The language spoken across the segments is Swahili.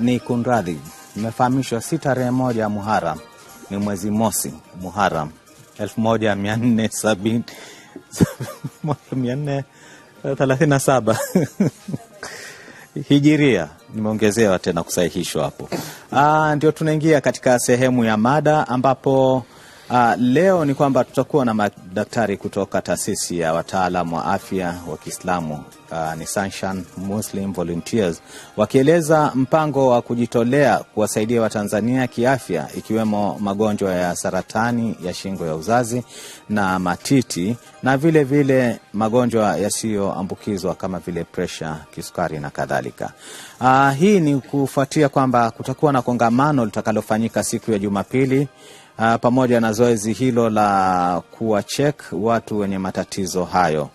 Ni kunradhi, nimefahamishwa si tarehe moja ya Muharam, ni mwezi mosi Muharam elfu moja mia nne sabini mia nne thelathini na saba hijiria. Nimeongezewa tena kusahihishwa hapo. Ah, ndio tunaingia katika sehemu ya mada ambapo Uh, leo ni kwamba tutakuwa na madaktari kutoka taasisi ya wataalam wa afya wa Kiislamu uh, ni Sunshine Muslim Volunteers wakieleza mpango wa kujitolea kuwasaidia Watanzania kiafya ikiwemo magonjwa ya saratani ya shingo ya uzazi na matiti na vile vile magonjwa yasiyoambukizwa kama vile presha, kisukari na kadhalika. Uh, hii ni kufuatia kwamba kutakuwa na kongamano litakalofanyika siku ya Jumapili Ah, pamoja na zoezi hilo la kuwachek watu wenye matatizo hayo.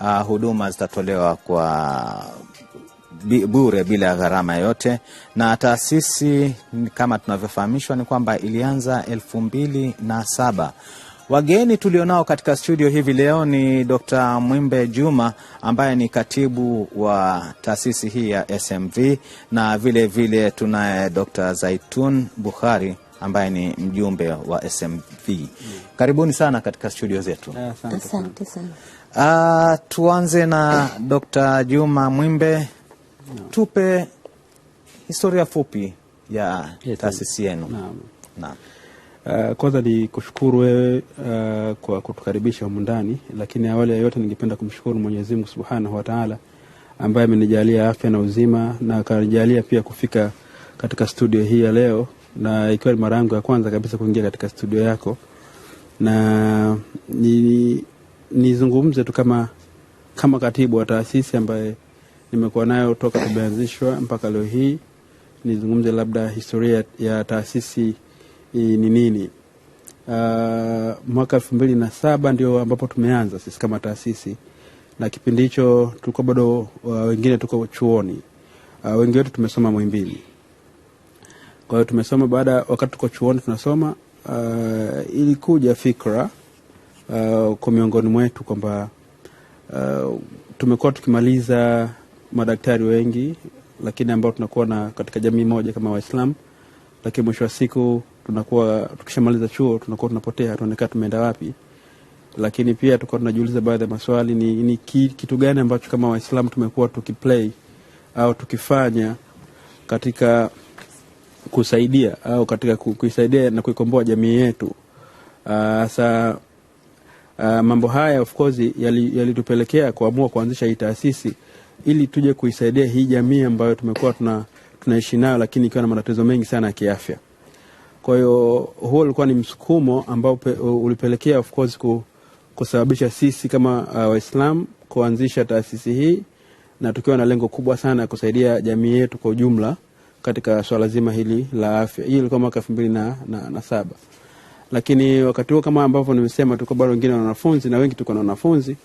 Uh, huduma zitatolewa kwa bure bila ya gharama yoyote, na taasisi kama tunavyofahamishwa ni kwamba ilianza elfu mbili na saba. Wageni tulionao katika studio hivi leo ni Dr. Mwimbe Juma ambaye ni katibu wa taasisi hii ya SMV na vile vile tunaye Dr. Zaitun Bukhari ambaye ni mjumbe wa SMV. Karibuni sana katika studio zetu. Ah, asante sana. Ah, tuanze na Dr. Juma Mwimbe. No. Tupe historia fupi ya taasisi yenu. Naam. Uh, kwanza ni kushukuru wewe uh, kwa kutukaribisha humu ndani, lakini awali ya yote ningependa kumshukuru Mwenyezi Mungu Subhanahu wa Ta'ala ambaye amenijalia afya na uzima na akanijalia pia kufika katika studio hii ya leo na ikiwa ni mara yangu ya kwanza kabisa kuingia katika studio yako, na nizungumze ni tu kama kama katibu wa taasisi ambaye nimekuwa nayo toka tumeanzishwa mpaka leo hii, nizungumze labda historia ya taasisi eh, ni nini. Uh, mwaka elfu mbili na saba ndio ambapo tumeanza sisi kama taasisi, na kipindi hicho tulikuwa bado uh, wengine tuko chuoni uh, wengi wetu tumesoma Mwimbili kwa hiyo tumesoma baada, wakati tuko chuoni tunasoma, uh, ilikuja fikra uh, kwa miongoni mwetu kwamba uh, tumekuwa tukimaliza madaktari wengi, lakini ambao tunakuwa na katika jamii moja kama Waislamu, lakini mwisho wa siku tunakuwa tukishamaliza chuo tunakuwa tunapotea, tunaonekana tumeenda wapi. Lakini pia tulikuwa tunajiuliza baadhi ya maswali, ni, ni kitu gani ambacho kama Waislamu tumekuwa tukiplay au tukifanya katika kusaidia au katika kuisaidia na kuikomboa jamii yetu. Ah, sasa uh, uh, mambo haya of course yalitupelekea yali kuamua kuanzisha hii taasisi ili tuje kuisaidia hii jamii ambayo tumekuwa tuna tunaishi nayo, lakini ikiwa na matatizo mengi sana ya kiafya. Kwa hiyo huo ulikuwa ni msukumo ambao ulipelekea of course ku, kusababisha sisi kama uh, Waislam kuanzisha taasisi hii na tukiwa na lengo kubwa sana ya kusaidia jamii yetu kwa ujumla katika swala zima hili la afya. Hii ilikuwa mwaka elfu mbili na, na, na saba, lakini wakati huo kama ambavyo nimesema, tuko bado wengine na wanafunzi na wengi tuko na wanafunzi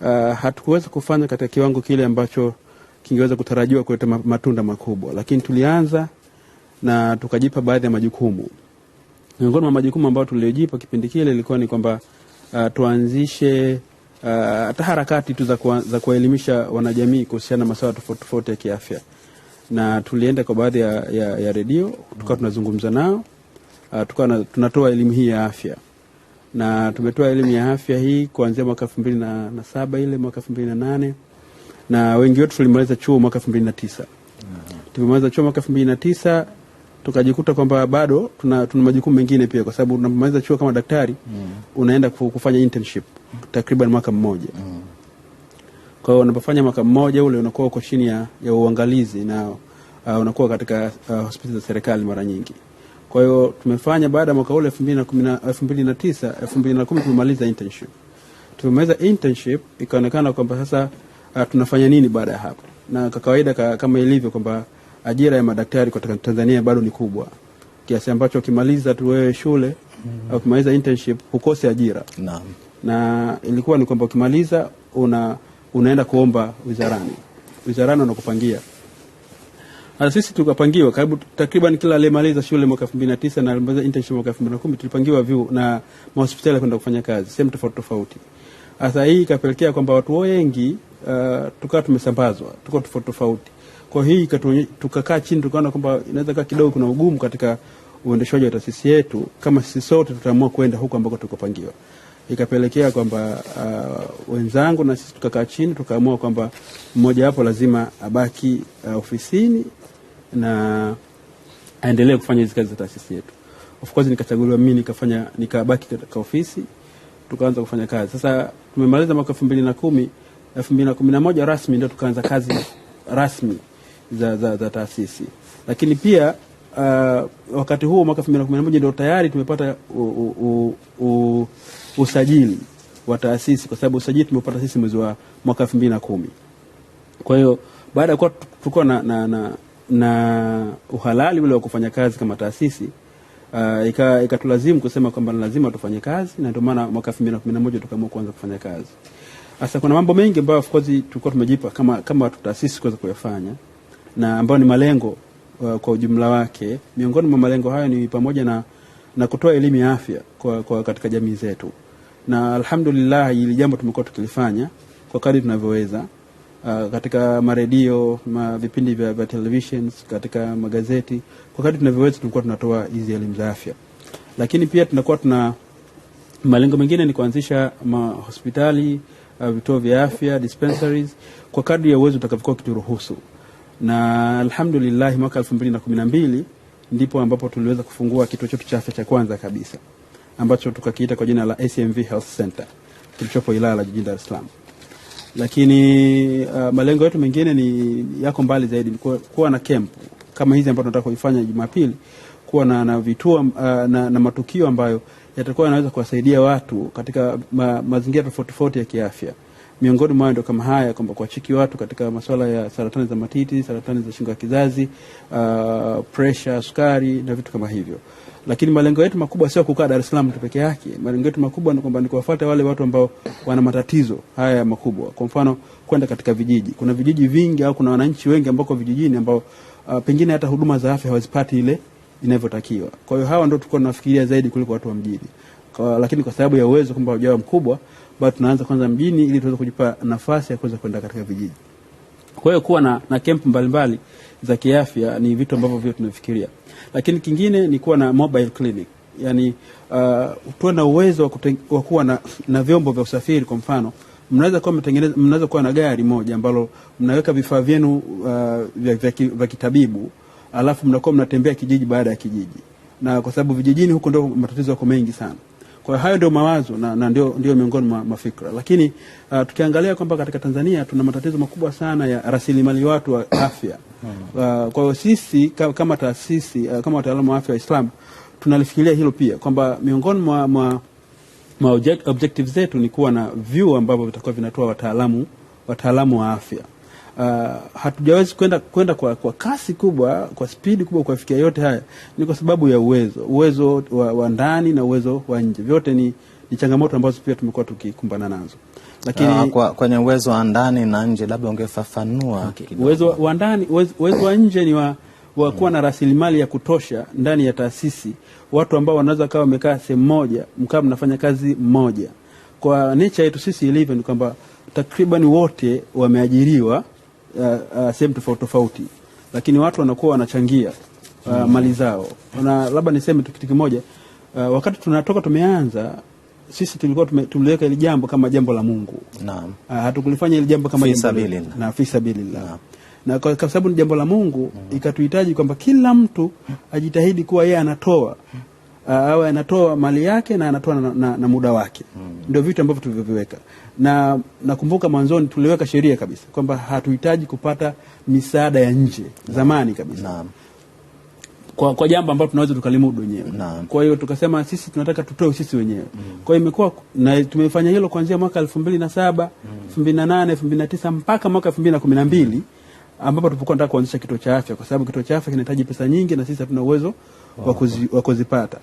uh, hatukuweza kufanya katika kiwango kile ambacho kingeweza kutarajiwa kuleta matunda makubwa, lakini tulianza na tukajipa baadhi ya majukumu. Miongoni mwa majukumu ambayo tuliojipa kipindi kile ilikuwa ni kwamba uh, tuanzishe uh, hata uh, harakati tu za kuwaelimisha wanajamii kuhusiana na masuala tofauti tofauti ya kiafya na tulienda kwa baadhi ya, ya, ya redio tukawa tunazungumza nao uh, tukawa tunatoa elimu hii ya afya na tumetoa elimu ya afya hii kuanzia mwaka elfu mbili na, na saba ile mwaka elfu mbili na nane na wengi wetu tulimaliza chuo mwaka elfu mbili na tisa tumemaliza chuo mwaka elfu mbili na tisa tukajikuta kwamba bado tuna, tuna majukumu mengine pia, kwa sababu unapomaliza chuo kama daktari mm. unaenda kufanya internship takriban mwaka mmoja mm. Kwa hiyo unapofanya mwaka mmoja ule unakuwa uko chini ya, ya uangalizi na uh, unakuwa katika uh, hospitali za serikali mara nyingi. Kwa hiyo tumefanya baada ya mwaka ule 2019 2010 tumemaliza internship. Tumemaliza internship ikaonekana kwamba sasa uh, tunafanya nini baada ya hapo? Na kwa kawaida ka, kama ilivyo kwamba ajira ya madaktari kwa Tanzania bado ni kubwa kiasi ambacho ukimaliza tu wewe shule mm -hmm. au ukimaliza internship hukose ajira. Naam. Na ilikuwa ni kwamba ukimaliza una unaenda kuomba wizarani, wizarani wanakupangia. Na sisi tukapangiwa karibu takriban kila aliyemaliza shule mwaka 2009 na aliyemaliza internship mwaka 2010 tulipangiwa vyuo na mahospitali kwenda kufanya kazi sehemu tofauti tofauti. Sasa hii ikapelekea kwamba watu wengi uh, tukawa tumesambazwa, tuko tofauti tofauti. Kwa hii tukakaa chini, tukaona kwamba inaweza kaa kidogo kuna ugumu katika uendeshaji wa taasisi yetu kama sisi sote tutaamua kwenda huko ambako tukapangiwa ikapelekea kwamba uh, wenzangu na sisi tukakaa chini tukaamua kwamba mmoja wapo lazima abaki uh, ofisini na aendelee kufanya hizi kazi za taasisi yetu. Of course nikachaguliwa mimi nikafanya nikabaki katika ofisi tukaanza kufanya kazi. Sasa tumemaliza mwaka 2010, 2011 rasmi ndio tukaanza kazi rasmi za, za, za taasisi. Lakini pia uh, wakati huo mwaka 2011 ndio tayari tumepata u, u, u, u usajili wa taasisi, kwa sababu usajili tumeupata sisi mwezi wa mwaka 2010. Kwa hiyo baada ya kuwa tulikuwa na, na, na, na uhalali ule wa kufanya kazi kama taasisi uh, ikatulazimu ika kusema kwamba lazima tufanye kazi, na ndio maana mwaka 2011 tukaamua kuanza kufanya kazi. Sasa kuna mambo mengi ambayo of course tulikuwa tumejipa kama kama watu taasisi kuweza kuyafanya na ambayo ni malengo uh, kwa ujumla wake. Miongoni mwa malengo hayo ni pamoja na, na kutoa elimu ya afya kwa, kwa katika jamii zetu na alhamdulillah ili jambo tumekuwa tukilifanya kwa kadri tunavyoweza uh, katika maredio ma vipindi vya, vya televisions katika magazeti kwa kadri tunavyoweza tulikuwa tunatoa hizi elimu za afya lakini pia tunakuwa tuna malengo mengine ni kuanzisha mahospitali uh, vituo vya afya dispensaries kwa kadri ya uwezo utakavyokuwa kituruhusu na alhamdulillah mwaka elfu mbili na kumi na mbili ndipo ambapo tuliweza kufungua kituo chetu cha afya cha kwanza kabisa ambacho tukakiita kwa jina la ACMV Health Center kilichopo Ilala jijini Dar es Salaam. Lakini uh, malengo yetu mengine ni yako mbali zaidi, ni kuwa, na camp kama hizi ambazo tunataka kuifanya Jumapili, kuwa na, na vituo uh, na, na matukio ambayo yatakuwa yanaweza kuwasaidia watu katika ma, mazingira tofauti tofauti ya kiafya miongoni mwayo ndo kama haya kwamba kuachiki watu katika masuala ya saratani za matiti, saratani za shingo ya kizazi, uh, pressure, sukari na vitu kama hivyo. Lakini malengo yetu makubwa sio kukaa Dar es Salaam tu peke yake. Malengo yetu makubwa ni kwamba ni kuwafuata wale watu ambao wana matatizo haya ya makubwa. Kwa mfano, kwenda katika vijiji. Kuna vijiji vingi au kuna wananchi wengi ambao vijijini ambao uh, pengine hata huduma za afya hawazipati ile inavyotakiwa. Kwa hiyo hawa ndio tulikuwa tunafikiria zaidi kuliko watu wa mjini. Kwa, lakini kwa sababu ya uwezo kwamba ujao mkubwa bado tunaanza kwanza mjini ili tuweze kujipa nafasi ya kuweza kwenda katika vijiji. Kwa hiyo kuwa na, na kempu mbalimbali za kiafya ni vitu ambavyo vile tunafikiria, lakini kingine ni kuwa na mobile clinic yani, uh, tuwe na uwezo wa kuwa na, na vyombo vya usafiri. Kwa mfano mnaweza kuwa mtengeneza, mnaweza kuwa na gari moja ambalo mnaweka vifaa vyenu uh, vya, vya, vya kitabibu alafu mnakuwa mnatembea kijiji baada ya kijiji, na kwa sababu vijijini huko ndio matatizo yako mengi sana. Kwa hiyo hayo ndio mawazo na, na ndio, ndio miongoni mwa mafikra, lakini uh, tukiangalia kwamba katika Tanzania tuna matatizo makubwa sana ya rasilimali watu wa afya hmm. uh, kwa hiyo sisi kama taasisi uh, kama wataalamu wa afya wa Islam tunalifikiria hilo pia kwamba miongoni mwa, mwa, mwa object, objective zetu ni kuwa na vyuo ambavyo vitakuwa vinatoa wataalamu wataalamu wa afya uh, hatujawezi kwenda kwenda kwa, kwa kasi kubwa kwa spidi kubwa kuafikia yote haya, ni kwa sababu ya uwezo uwezo wa, wa ndani na uwezo wa nje, vyote ni, ni changamoto ambazo pia tumekuwa tukikumbana nazo lakini uh, kwa, kwenye uwezo wa ndani na nje labda ungefafanua okay. wa ndani, uwezo wa nje ni wa, wa kuwa na mm. rasilimali ya kutosha ndani ya taasisi, watu ambao wanaweza kawa wamekaa sehemu moja mkawa mnafanya kazi moja. Kwa nature yetu sisi ilivyo ni kwamba takriban wote wameajiriwa uh, uh, sehemu tofauti tofauti, lakini watu wanakuwa wanachangia uh, mm. mali zao na labda niseme tu kitu kimoja uh, wakati tunatoka tumeanza sisi tulikuwa tuliweka hili jambo kama jambo la Mungu. Naam. Uh, hatukulifanya hili jambo kama fisabilillah. Na fisabilillah. Naam. Na kwa sababu ni jambo la Mungu mm. ikatuhitaji kwamba kila mtu ajitahidi kuwa yeye anatoa uh, awe anatoa mali yake na anatoa na, na, na muda wake mm ndio vitu ambavyo tulivyoviweka, na nakumbuka mwanzoni tuliweka sheria kabisa kwamba hatuhitaji kupata misaada ya nje zamani kabisa na. Kwa, kwa jambo ambalo tunaweza tukalimudu wenyewe. Kwa hiyo tukasema sisi tunataka tutoe sisi wenyewe mm. Kwa hiyo imekuwa na tumefanya hilo kuanzia mwaka elfu mbili na saba mm. elfu mbili na nane elfu mbili na tisa mpaka mwaka elfu mbili na kumi na mbili ambapo tulipokuwa tunataka kuanzisha kituo cha afya, kwa sababu kituo cha afya kinahitaji pesa nyingi na sisi hatuna uwezo wow, wa kuzipata.